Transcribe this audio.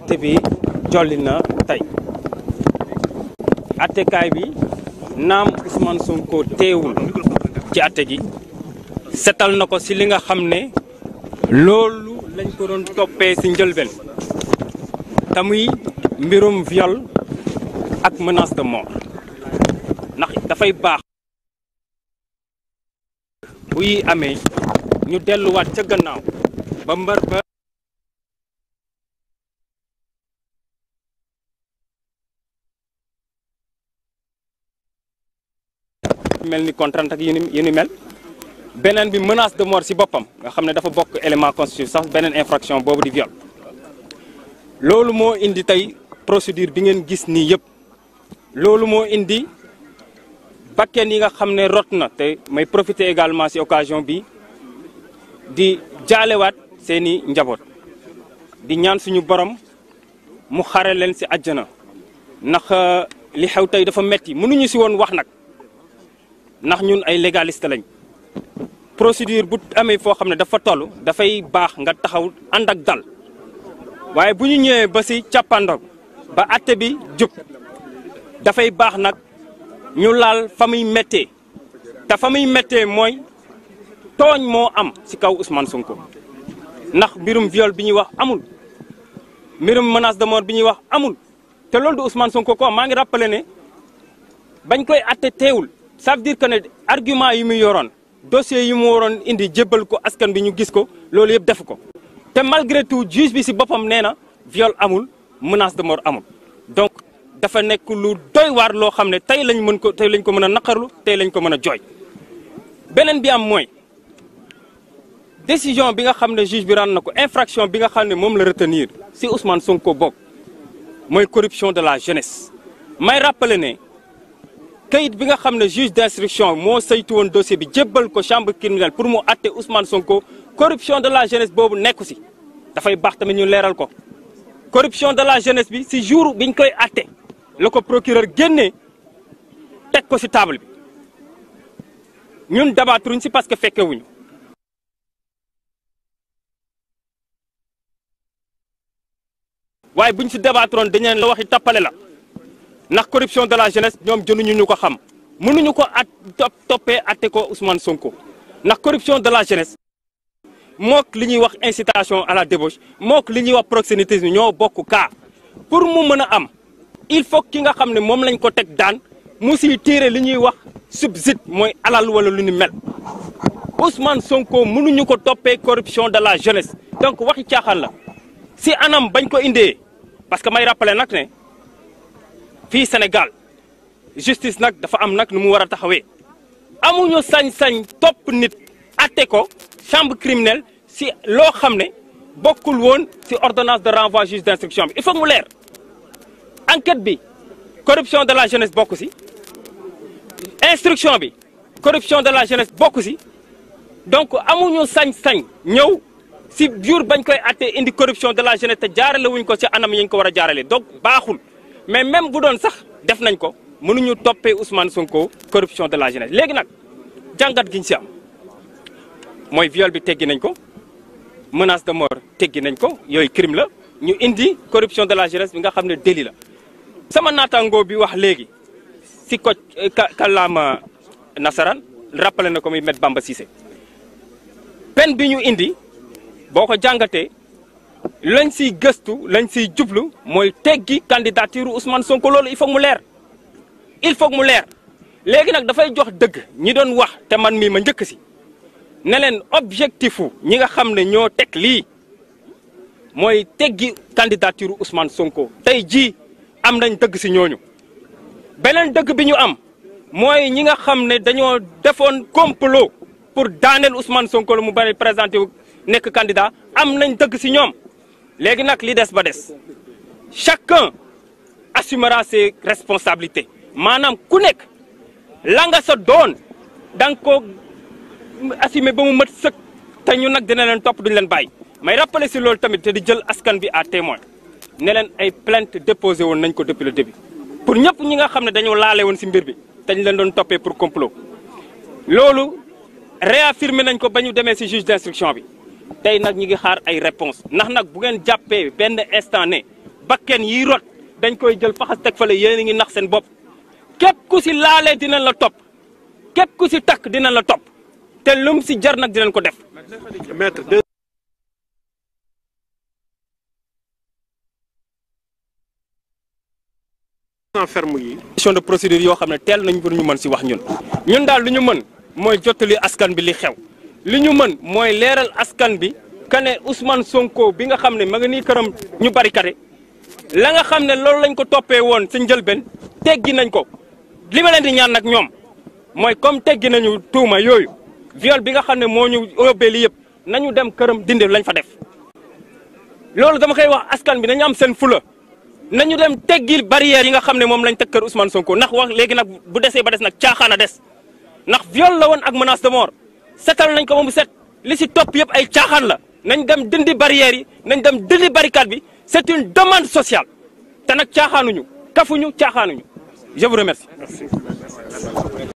atte bi jolli na tey atekaay bi naam Ousmane Sonko teewul ci atte gi setal na ko ci li nga xam ne loolu lañ ko doon toppee si njëlbeen te muy mbirum viol ak mënaas de moom ndax dafay baax buy amee ñu delluwaat ca gannaaw ba mbar ba mel ni contrainte ak yu ni mel beneen bi menace de mort ci boppam nga xam ne dafa bokk élément constitutif sax beneen infraction boobu di viol loolu moo indi tey procédure bi ngeen gis nii yëpp loolu moo indi bakken yi nga xam ne rot na te may profiter également ci occasion bi di jaalewaat seeni njaboot di ñaan suñu borom mu xare leen si àjjana ndax euh, li xew tey dafa metti mënuñu si woon wax nag ndax ñun ay légaliste lañ procédure bu amee foo xam ne dafa tollu dafay baax nga taxaw ànd ak dal waaye bu ñu ñëwee ba si càppandoog ba atte bi jub dafay baax nag ñu laal fa muy méttee te fa muy méttee mooy tooñ moo am si kaw Ousmane Sonko ndax mbirum viol bi ñuy wax amul mbirum menace de mort bi ñuy wax amul te loolu du Ousmane Sonko ko maa ngi rappelé ne bañ koy atte teewul ça veut dire que ne argument yi mu yoroon dossier yi mu waroon indi jébbal ko askan bi ñu gis ko loolu yëpp def ko te malgré tout juge bi si boppam nee na viol amul menace de mort amul donc dafa nekk lu doy waar loo xam ne tey lañ mën ko tey lañ ko mën a naqarlu tey lañ ko mën a jooy beneen bi am mooy décision bi nga xam ne juge bi rend na ko infraction bi nga xam ne moom la retenir ci Ousmane Sonko bokk mooy corruption de la jeunesse may rappeler ne kayit bi nga xam ne juge d'instruction moo saytu woon dossier bi jébbal ko chambre criminelle pour mu atte Ousmane Sonko corruption de la jeunesse boobu nekku si dafay baax tamit ñu leeral ko corruption de la jeunesse bi si jour biñ koy atte la ko procureur génnee teg ko si table bi ñun dabaaturuñ si parce que fekkewuñu waaye buñ si dabaaturoon dañu la waxi tappale la ndax corruption de la jeunesse ñoom jënuñu ñu ko xam mënuñu ko at toppee ate ko Ousmane Sonko ndax corruption de la jeunesse mook li ñuy wax incitation à la débauche mook li ñuy wax proxénétisme ñoo bokk kaa pour mu mën a am il faut ki nga xam ne moom lañ ko teg daan mu si tiire li ñuy wax subside mooy alal wala lu ni mel Ousmane Sonko mënuñu ko toppee corruption de la jeunesse donc waxi caaxaan la si anam bañ ko indee parce que may rappale nag ne. fii Sénégal justice nag dafa am nag nu mu war a taxawee amuñu sañ-sañ topp nit atte ko samb criminelle si loo xam ne bokkul woon si ordonnance de renvoi juge d'instruction bi il faut mu leer enquête bi corruption de la jeunesse bokku si instruction bi corruption de la jeunesse bokku si donc amuñu sañ-sañ ñëw si jur bañ koy atte indi corruption de la jeunesse te jaarale wuñ ko si anam yi ñu ko war a jaarale donc baaxul mais même bu doon sax def nañ ko mënuñu toppee Ousmane Sonko corruption de la jeunesse léegi nag jàngat gi si am mooy viol bi teggi nañ ko menace de mor teggi nañ ko yooyu crime la ñu indi corruption de la jeunesse bi nga xam ne délit la. sama naataangoo bi wax léegi si ko eh, kàllaama nasaraan rappelé na ko muy met Bamba Cissé peine bi ñu indi boo ko jàngatee. lañ siy gëstu lañ siy jublu mooy teggi candidature Ousmane Sonko loolu i faut mu leer il foog mu leer léegi nag dafay jox dëgg ñi doon wax te man mii ma njëkk si ne objectif ñi nga xam ne ñoo teg lii mooy teggi candidature Ousmane Sonko tey jii am nañ dëgg si ñooñu beneen dëgg bi ñu am mooy ñi nga xam ne dañoo defoon complot pour daaneel Ousmane Sonko la mu bari présenté wu nekk candidat am nañ dëgg si ñoom léegi nag li des ba des chacun assumera ses responsabilités maanaam ku nekk la nga sa doon da nga ko assumer ba mu mat sëkk te ñu nag dina leen topp duñu leen bàyyi may rappeler si loolu tamit te di jël askan bi à témoin ne leen ay plante déposé woon nañ ko depuis le début pour ñëpp ñi nga xam ne dañoo laale woon si mbir bi te leen doon toppee pour complot loolu réaffirmer nañ ko ba ñu demee si juge d'instruction bi tey nag ñu ngi xaar ay réponse ndax nag bu ngeen jàppee benn instant ne bakken yiy rot dañ koy jël faxas teg fale yéen a ngi nax seen bopp képp ku si laale dinañ la topp képp ku ci takk dina la topp te lum si jar nag dinañ ko def maître ferme yi question de yoo xam ne teel nañ pour ñu mën si wax ñun ñun daal lu ñu mën mooy jottali askan bi li xew li ñu mën mooy leeral askan bi kane Ousmane Sonko bi nga xam ne ma nga nii këram ñu barikade la nga xam ne loolu lañ ko toppee woon sa njëlbeen teggi nañ ko li ma leen di ñaan nag ñoom mooy comme teggi nañu tuuma yooyu viol bi nga xam ne moo ñu yóbbee li yëpp nañu dem këram dindi lañ fa def. loolu dama koy wax askan bi nañu am seen fula nañu dem teggil barrière yi nga xam ne moom lañ teg kër Ousmane Sonko ndax wax léegi nag bu desee ba des nag caaxaan a des ndax viol la woon ak menace de mort. setal nañ ko moom set li si topp yëpp ay caaxaan la nañ dem dindi barrières yi nañ dem dindi barricade bi c'est une demande sociale te nag caaxaanuñu kafuñu caaxaanuñu je vous remercie. Merci.